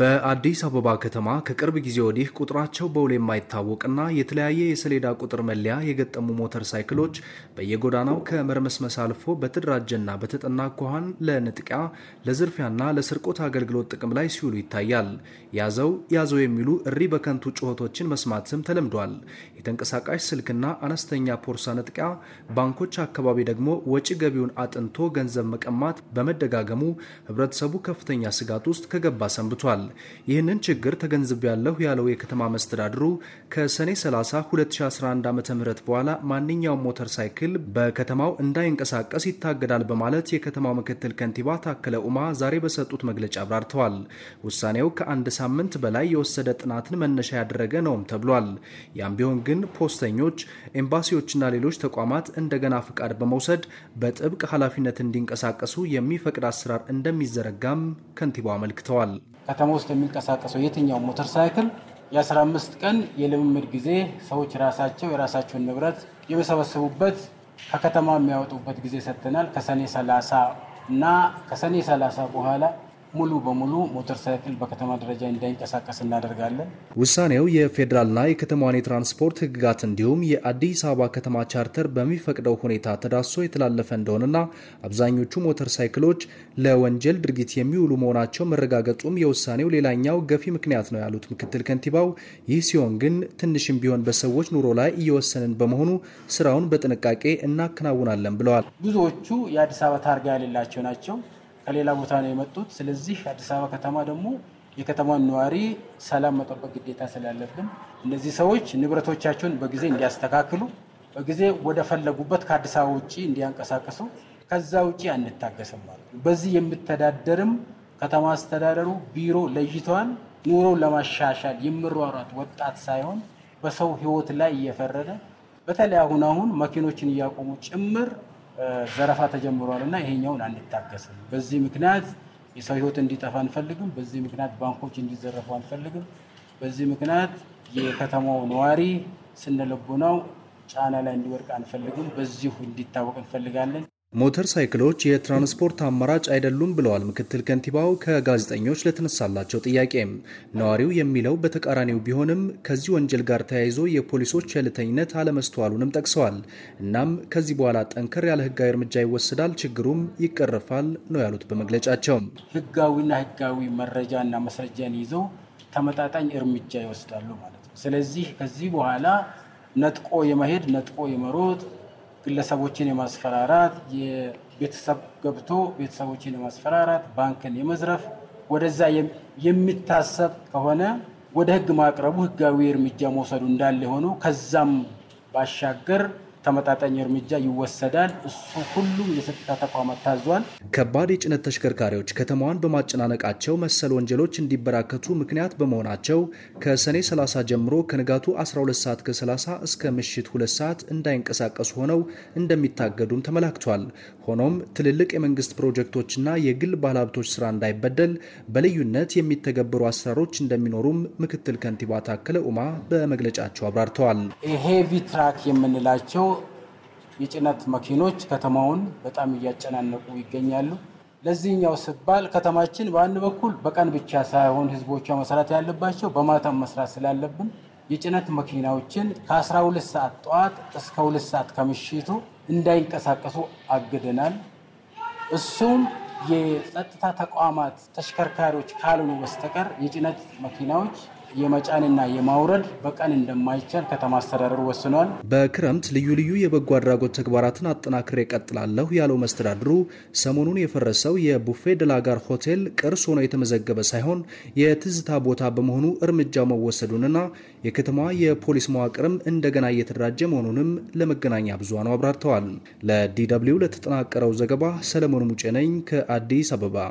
በአዲስ አበባ ከተማ ከቅርብ ጊዜ ወዲህ ቁጥራቸው በውል የማይታወቅና የተለያየ የሰሌዳ ቁጥር መለያ የገጠሙ ሞተር ሳይክሎች በየጎዳናው ከመርመስመስ አልፎ በተደራጀና በተጠና አኳኋን ለንጥቂያ ለዝርፊያና ለስርቆት አገልግሎት ጥቅም ላይ ሲውሉ ይታያል። ያዘው ያዘው የሚሉ እሪ በከንቱ ጩኸቶችን መስማትም ተለምዷል። የተንቀሳቃሽ ስልክና አነስተኛ ፖርሳ ንጥቂያ፣ ባንኮች አካባቢ ደግሞ ወጪ ገቢውን አጥንቶ ገንዘብ መቀማት በመደጋገሙ ህብረተሰቡ ከፍተኛ ስጋት ውስጥ ከገባ ሰንብቷል። ተከስቷል። ይህንን ችግር ተገንዝቤያለሁ ያለው የከተማ መስተዳድሩ ከሰኔ 30 2011 ዓ ም በኋላ ማንኛውም ሞተር ሳይክል በከተማው እንዳይንቀሳቀስ ይታገዳል በማለት የከተማው ምክትል ከንቲባ ታከለ ኡማ ዛሬ በሰጡት መግለጫ አብራርተዋል። ውሳኔው ከአንድ ሳምንት በላይ የወሰደ ጥናትን መነሻ ያደረገ ነውም ተብሏል። ያም ቢሆን ግን ፖስተኞች፣ ኤምባሲዎችና ሌሎች ተቋማት እንደገና ፍቃድ በመውሰድ በጥብቅ ኃላፊነት እንዲንቀሳቀሱ የሚፈቅድ አሰራር እንደሚዘረጋም ከንቲባው አመልክተዋል። ከተማ ውስጥ የሚንቀሳቀሰው የትኛው ሞተር ሳይክል የ15 ቀን የልምምድ ጊዜ ሰዎች ራሳቸው የራሳቸውን ንብረት የመሰበሰቡበት ከከተማ የሚያወጡበት ጊዜ ሰጥተናል። ከሰኔ 30 እና ከሰኔ 30 በኋላ ሙሉ በሙሉ ሞተር ሳይክል በከተማ ደረጃ እንዳይንቀሳቀስ እናደርጋለን። ውሳኔው የፌዴራልና የከተማዋን የትራንስፖርት ህግጋት እንዲሁም የአዲስ አበባ ከተማ ቻርተር በሚፈቅደው ሁኔታ ተዳሶ የተላለፈ እንደሆነና አብዛኞቹ ሞተር ሳይክሎች ለወንጀል ድርጊት የሚውሉ መሆናቸው መረጋገጡም የውሳኔው ሌላኛው ገፊ ምክንያት ነው ያሉት ምክትል ከንቲባው፣ ይህ ሲሆን ግን ትንሽም ቢሆን በሰዎች ኑሮ ላይ እየወሰንን በመሆኑ ስራውን በጥንቃቄ እናከናውናለን ብለዋል። ብዙዎቹ የአዲስ አበባ ታርጋ የሌላቸው ናቸው። ከሌላ ቦታ ነው የመጡት። ስለዚህ አዲስ አበባ ከተማ ደግሞ የከተማን ነዋሪ ሰላም መጠበቅ ግዴታ ስላለብን እነዚህ ሰዎች ንብረቶቻቸውን በጊዜ እንዲያስተካክሉ በጊዜ ወደ ፈለጉበት ከአዲስ አበባ ውጭ እንዲያንቀሳቀሱ ከዛ ውጭ አንታገስም ማለት ነው። በዚህ የሚተዳደርም ከተማ አስተዳደሩ ቢሮ ለይቷን ኑሮ ለማሻሻል የምሯሯት ወጣት ሳይሆን በሰው ህይወት ላይ እየፈረደ በተለይ አሁን አሁን መኪኖችን እያቆሙ ጭምር ዘረፋ ተጀምሯል እና ይሄኛውን አንታገስም። በዚህ ምክንያት የሰው ህይወት እንዲጠፋ አንፈልግም። በዚህ ምክንያት ባንኮች እንዲዘረፉ አንፈልግም። በዚህ ምክንያት የከተማው ነዋሪ ስነልቦናው ጫና ላይ እንዲወድቅ አንፈልግም። በዚሁ እንዲታወቅ እንፈልጋለን። ሞተር ሳይክሎች የትራንስፖርት አማራጭ አይደሉም ብለዋል ምክትል ከንቲባው ከጋዜጠኞች ለተነሳላቸው ጥያቄ። ነዋሪው የሚለው በተቃራኒው ቢሆንም ከዚህ ወንጀል ጋር ተያይዞ የፖሊሶች ቸልተኝነት አለመስተዋሉንም ጠቅሰዋል። እናም ከዚህ በኋላ ጠንከር ያለ ህጋዊ እርምጃ ይወስዳል፣ ችግሩም ይቀረፋል ነው ያሉት በመግለጫቸው። ህጋዊና ህጋዊ መረጃና መስረጃን ይዘው ተመጣጣኝ እርምጃ ይወስዳሉ ማለት ነው። ስለዚህ ከዚህ በኋላ ነጥቆ የመሄድ ነጥቆ የመሮጥ ግለሰቦችን የማስፈራራት የቤተሰብ ገብቶ ቤተሰቦችን የማስፈራራት ባንክን የመዝረፍ ወደዛ የሚታሰብ ከሆነ ወደ ህግ ማቅረቡ ህጋዊ እርምጃ መውሰዱ እንዳለ ሆኖ ከዛም ባሻገር ተመጣጣኝ እርምጃ ይወሰዳል። እሱ ሁሉም የጸጥታ ተቋማት ታዟል። ከባድ የጭነት ተሽከርካሪዎች ከተማዋን በማጨናነቃቸው መሰል ወንጀሎች እንዲበራከቱ ምክንያት በመሆናቸው ከሰኔ 30 ጀምሮ ከንጋቱ 12 ሰዓት ከ30 እስከ ምሽት 2 ሰዓት እንዳይንቀሳቀሱ ሆነው እንደሚታገዱም ተመላክቷል። ሆኖም ትልልቅ የመንግስት ፕሮጀክቶችና የግል ባለሀብቶች ስራ እንዳይበደል በልዩነት የሚተገበሩ አሰራሮች እንደሚኖሩም ምክትል ከንቲባ ታከለ ኡማ በመግለጫቸው አብራርተዋል። ሄቪ ትራክ የምንላቸው የጭነት መኪኖች ከተማውን በጣም እያጨናነቁ ይገኛሉ። ለዚህኛው ስባል ከተማችን በአንድ በኩል በቀን ብቻ ሳይሆን ህዝቦቿ መስራት ያለባቸው በማታም መስራት ስላለብን የጭነት መኪናዎችን ከ12 ሰዓት ጠዋት እስከ 2 ሰዓት ከምሽቱ እንዳይንቀሳቀሱ አግደናል። እሱም የጸጥታ ተቋማት ተሽከርካሪዎች ካልሆኑ በስተቀር የጭነት መኪናዎች የመጫንና የማውረድ በቀን እንደማይቻል ከተማ አስተዳደሩ ወስኗል። በክረምት ልዩ ልዩ የበጎ አድራጎት ተግባራትን አጠናክሬ ቀጥላለሁ ያለው መስተዳድሩ ሰሞኑን የፈረሰው የቡፌ ደላጋር ሆቴል ቅርስ ሆኖ የተመዘገበ ሳይሆን የትዝታ ቦታ በመሆኑ እርምጃው መወሰዱንና የከተማዋ የፖሊስ መዋቅርም እንደገና እየተደራጀ መሆኑንም ለመገናኛ ብዙሃኑ አብራርተዋል። ለዲ ደብልዩ ለተጠናቀረው ዘገባ ሰለሞን ሙጬ ነኝ ከአዲስ አበባ።